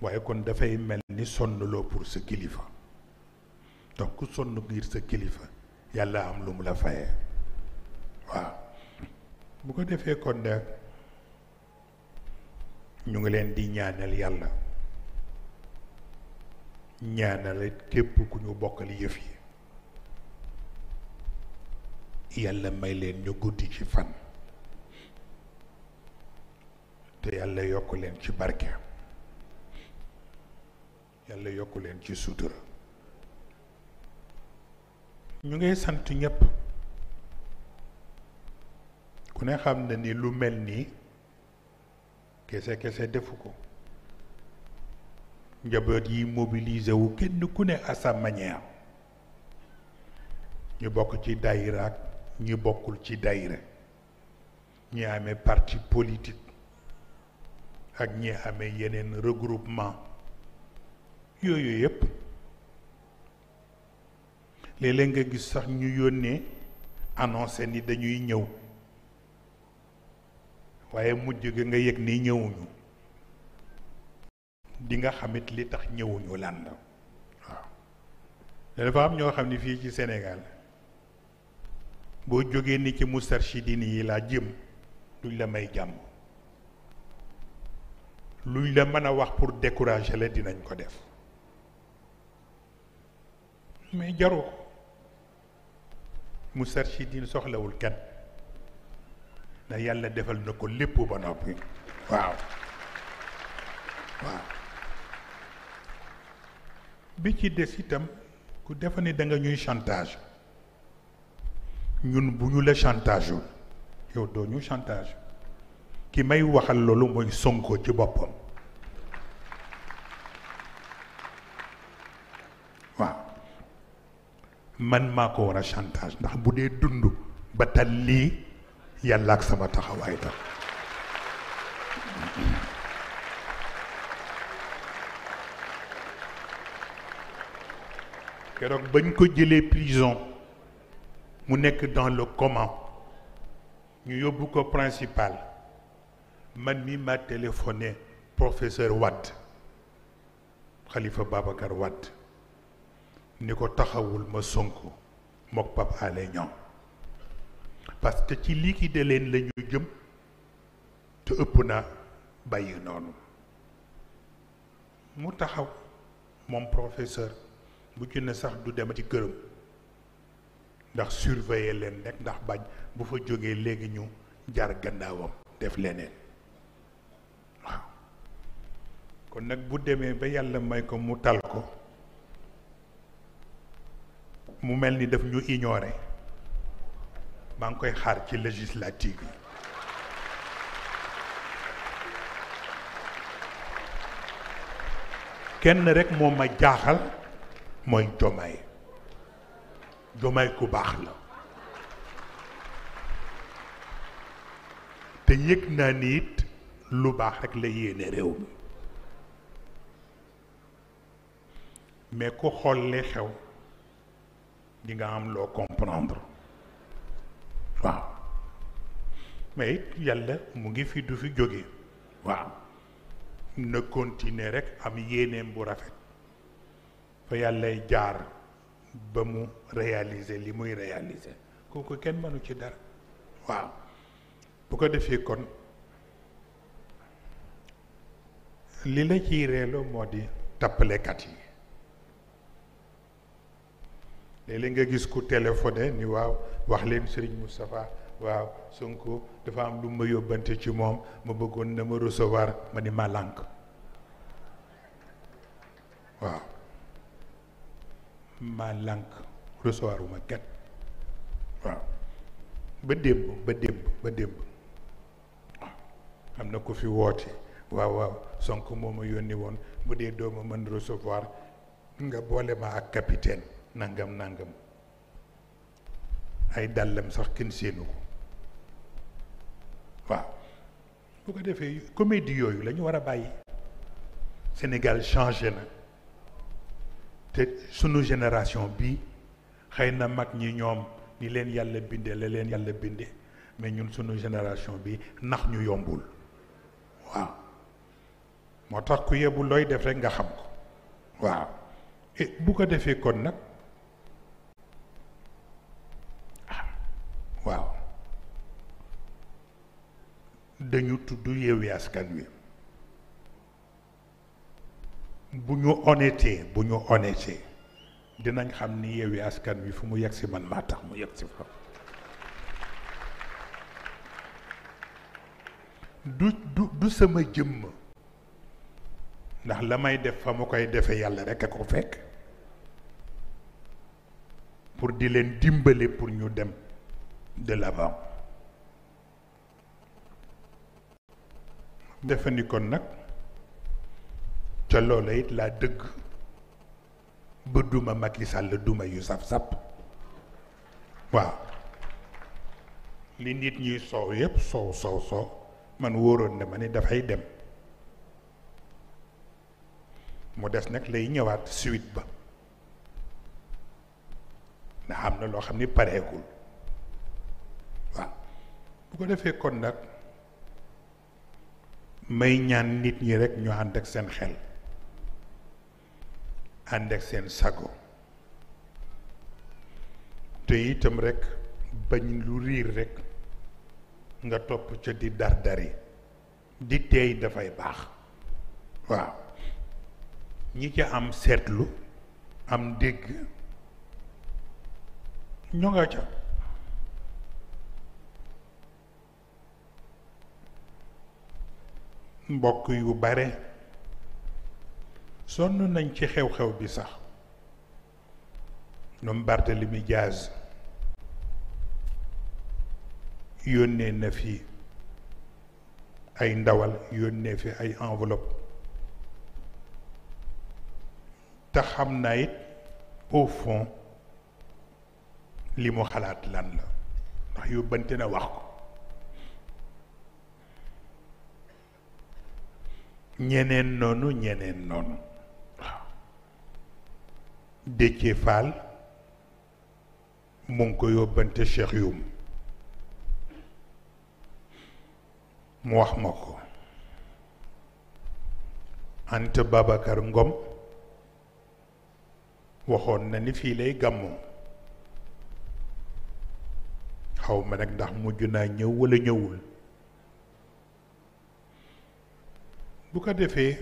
waaye kon dafay mel ni sonnloo pour sa kilifa donc ku sonn ngir sa kilifa yàlla am lu mu la fayee waaw bu ko defee kon nag ñu ngi leen di ñaanal yàlla ñaanal képp ku ñu bokkal yëf yi yàlla may leen ñu guddi ci fan te yàlla yokk leen ci barke yàlla yokk leen ci sutura ñu ngay sant ñépp ku ne xam na ni lu mel nii kese kese defu ko njaboot yi mobilisé wu kenn ku ne à sa ñu bokk ci dayra ak ñu bokkul ci dayra ñi amee parti politique ak ñi amee yeneen regroupement yooyu yëpp léeg-léeg nga gis sax ñu yónnee annoncé ni dañuy ñëw waaye mujj gi nga yëg ni ñëwuñu di nga xamit li tax ñëwuñu lan la waaw dafa am ñoo xam ne fii ci Sénégal boo jógee ni ci Moustarchidine yi laa jëm luñ la may jàmm luñ la mën a wax pour décourager la dinañ ko def mais jaru ko Moustarchidine soxlawul kenn ndax yàlla defal na ko lépp ba noppi waaw waaw bi ci des itam ku defa ne da nga ñuy chantage ñun bu ñu la chantage yow doo ñu chantage ki may waxal loolu mooy Sonko ci boppam man maa ko war a chantage ndax bu dee dund ba tal lii yàlla ak sama taxawaay tax keroog bañ ko jëlee prison mu nekk dans le coma ñu yóbbu ko principal man mi ma téléphoné professeur Wade Khalifa Babacar Wade ni ko taxawul ma Sonko mook Pape Alé Niang parce que ci de leen lañu jëm te ëpp naa bàyyi noonu mu taxaw moom professeur bu ci ne sax du dem ci këram ndax surveiller leen rek ndax bañ bu fa jógee léegi ñu jaar gannaawam def leneen waaw kon nag bu demee ba yàlla may ko mu tal ko mu mel ni daf ñu ignoré maa ngi koy xaar ci législative yi kenn rekk moo ma jaaxal mooy jomaay jomaay ku baax la te yëg naa ni lu baax rek la yéene réew mi mais ku xool li xew di nga am loo comprendre waaw mais yàlla mu ngi fi du fi jóge waaw na continuer rek am yéeneem bu rafet fa yàllay jaar ba mu réaliser li muy réaliser kooku kenn mënu ci dara waaw bu ko defee kon li la ciy reeloo moo di tappalekat yi léeg-léeg nga gis ku téléphoné ni waaw wax leen Serigne Moustapha waaw Sonko dafa am lu ma yóbbante ci moom ma bëggoon na ma recevoir ma ni ma waaw ma recevoir wu ma waaw ba démb ba démb ba démb am na ko fi woote waaw waaw Sonko moo ma yónni woon bu dee doo ma mën recevoir nga boole ma ak capitaine nangam nangam ay dàllam sax kenn séenu ko waaw bu ko defee comédie yooyu lañu war a bàyyi Sénégal changé na te sunu génération bi xëy na mag ñi ñoom ni leen yàlla bindee la leen yàlla bindee mais ñun sunu génération bi nax ñu yombul waaw moo tax ku yebu looy def rek nga xam ko waaw bu ko defee kon nag dañu tudd Yewwi Askan Wi bu ñu honnêté bu ñu honnêté dinañ xam ni Yewwi Askan Wi fu mu yegg si man maa tax mu yegg si fa du du sama jëmm ndax la may def fa mu koy defe yàlla rekk a ko fekk pour di leen dimbale pour ñu dem de defe ni kon nag ca loola it laa dëgg ba duma Macky Sall duma yu saf-sap waaw li nit ñuy soow yépp soow soow soow man wóoroon na ma ni dafay dem mu des nag lay ñëwaat suite ba ndax am na loo xam ni pareegul waaw bu ko defee kon nag may ñaan nit ñi rekk ñu ànd ak seen xel ànd ak seen sago te itam rekk bañ lu riir rekk nga topp ca di dardari di tey dafay baax waaw ñi ca am seetlu am dégg ñoo nga ca mbokk yu bare sonn nañ ci xew-xew bi sax ñoom Barthélemy Diaz yónnee na fi ay ndawal yónnee fi ay enveloppe te xam naa it au fond li xalaat lan la ndax yóbbante na wax ko ñeneen noonu ñeneen noonu waaw Déthié Fall mu ko yóbbante Cheikh Youm mu wax ma ko Anta Babacar Ngom waxoon na ni fii lay gàmmoo xaw ma nag ndax mujj naa ñëw walla ñëwul bu ko defee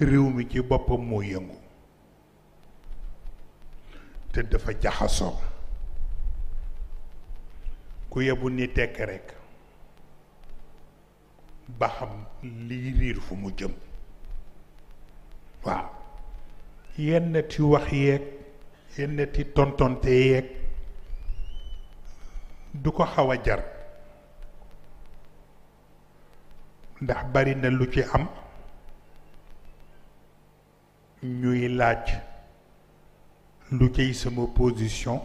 réew mi ci boppam moo yëngu te dafa jaxasoo ku yebu ni tekk rekk ba xam liy riir fu mu jëm waaw yenn ti wax yeeg yenn ti tontonte yeeg du ko xaw a jar ndax bari na lu ci am ñuy laaj lu ciy sama position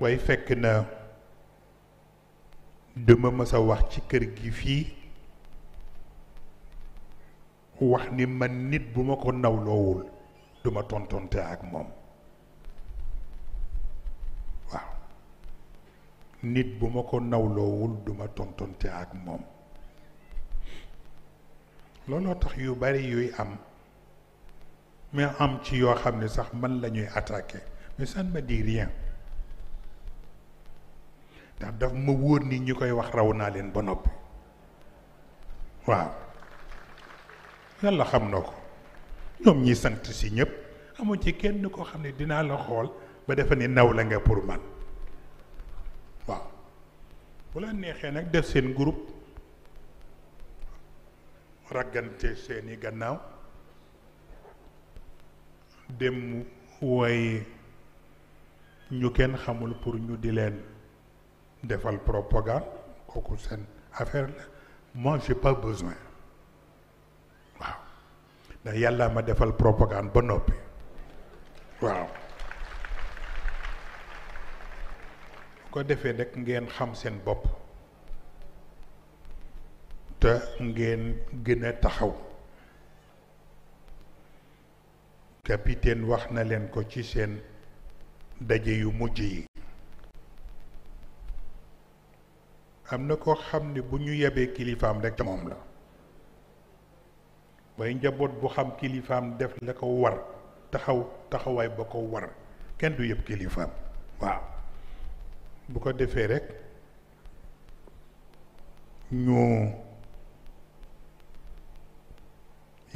way fekk na duma mës a wax ci kër gi fii wax ni man nit bu ma ko nawloowul duma tontonte ak moom nit bu ma ko nawloowul duma tonton tontonte ak moom looloo tax yu bari yuy am mais am ci yoo xam ne sax man lañuy attaqué mais ça ne me rien ndax daf ma wóor ni ñi koy wax raw naa leen ba noppi waaw yàlla xam na ko ñoom ñi sant si ñëpp amu ci kenn ko xam ne dinaa la xool ba defa ne naw la nga pour man waaw bu la neexee nag def seen groupe raggante seeni gannaaw dem waaye ñu kenn xamul pour ñu di leen defal propagande kooku seen affaire la moi pas besoin waaw ndax yàlla ma defal propagande ba noppi waaw ko defee rek ngeen xam seen bopp te ngeen gën taxaw kapiten wax na leen ko ci seen daje yu mujj yi am na ko xam ne bu ñu yebee kilifaam rek ca moom la waaye njaboot bu xam kilifaam def la ko war taxaw taxawaay ba ko war kenn du yëpp kilifaam waaw bu ko defee rek ñu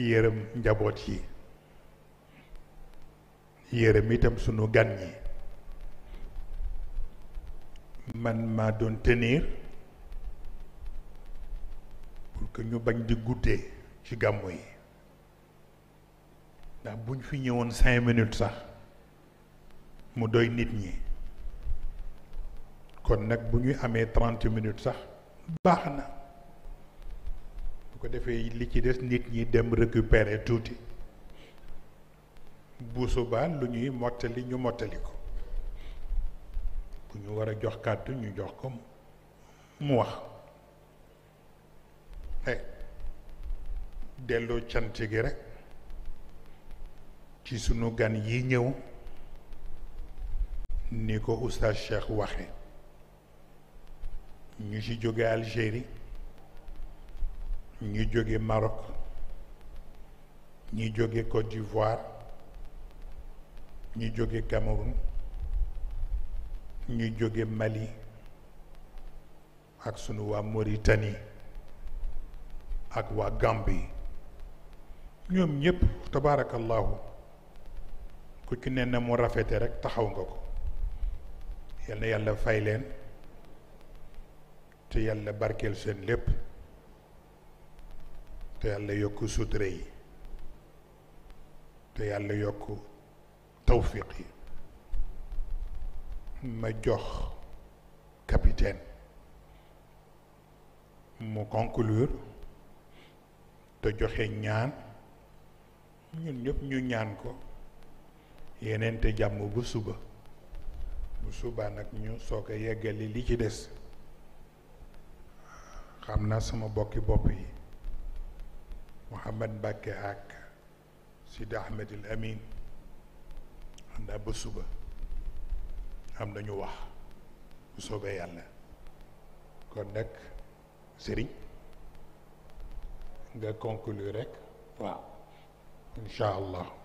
yërëm njaboot yi yërëm itam sunu gan ñi man maa doon tenir pour que ñu bañ di guddee ci gàmmu yi ndax buñ fi ñëwoon cinq minutes sax mu doy nit ñi kon nag bu ñuy amee trente minutes sax baax na bu ko defee li ci des nit ñi dem récupérer tuuti bu subaa lu ñuy mottali ñu mottali ko bu ñu war a jox kàddu ñu jox ko mu wax eh delloo cant gi rek ci sunu gan yi ñëw ni ko oustaz Cheikh waxe ñu ci jóge Algérie ñu jóge marok ñu jóge Côte d'Ivoire ñu jóge Cameroun ñu jóge Mali ak sunu waa Mauritanie ak waa Gambie ñoom ñépp tabaarakallaahu ku ci ne na mu rafete rekk taxaw nga ko yal na yàlla fay leen te yàlla barkeel seen lépp te yàlla yokk sutura yi te yàlla yokk tawfiq yi ma jox capitaine mu conclure te joxe ñaan ñun ñëpp ñu ñaan ko yeneen te jàmm bu suba bu suba nag ñu soog a yeggali li ci des xam naa sama bokki bopp yi Mouhamad Mbacke ak Sidi Ahmed El xam naa ba suba am nañu wax bu soobee yàlla kon nag sëriñ nga conclure rek waaw incha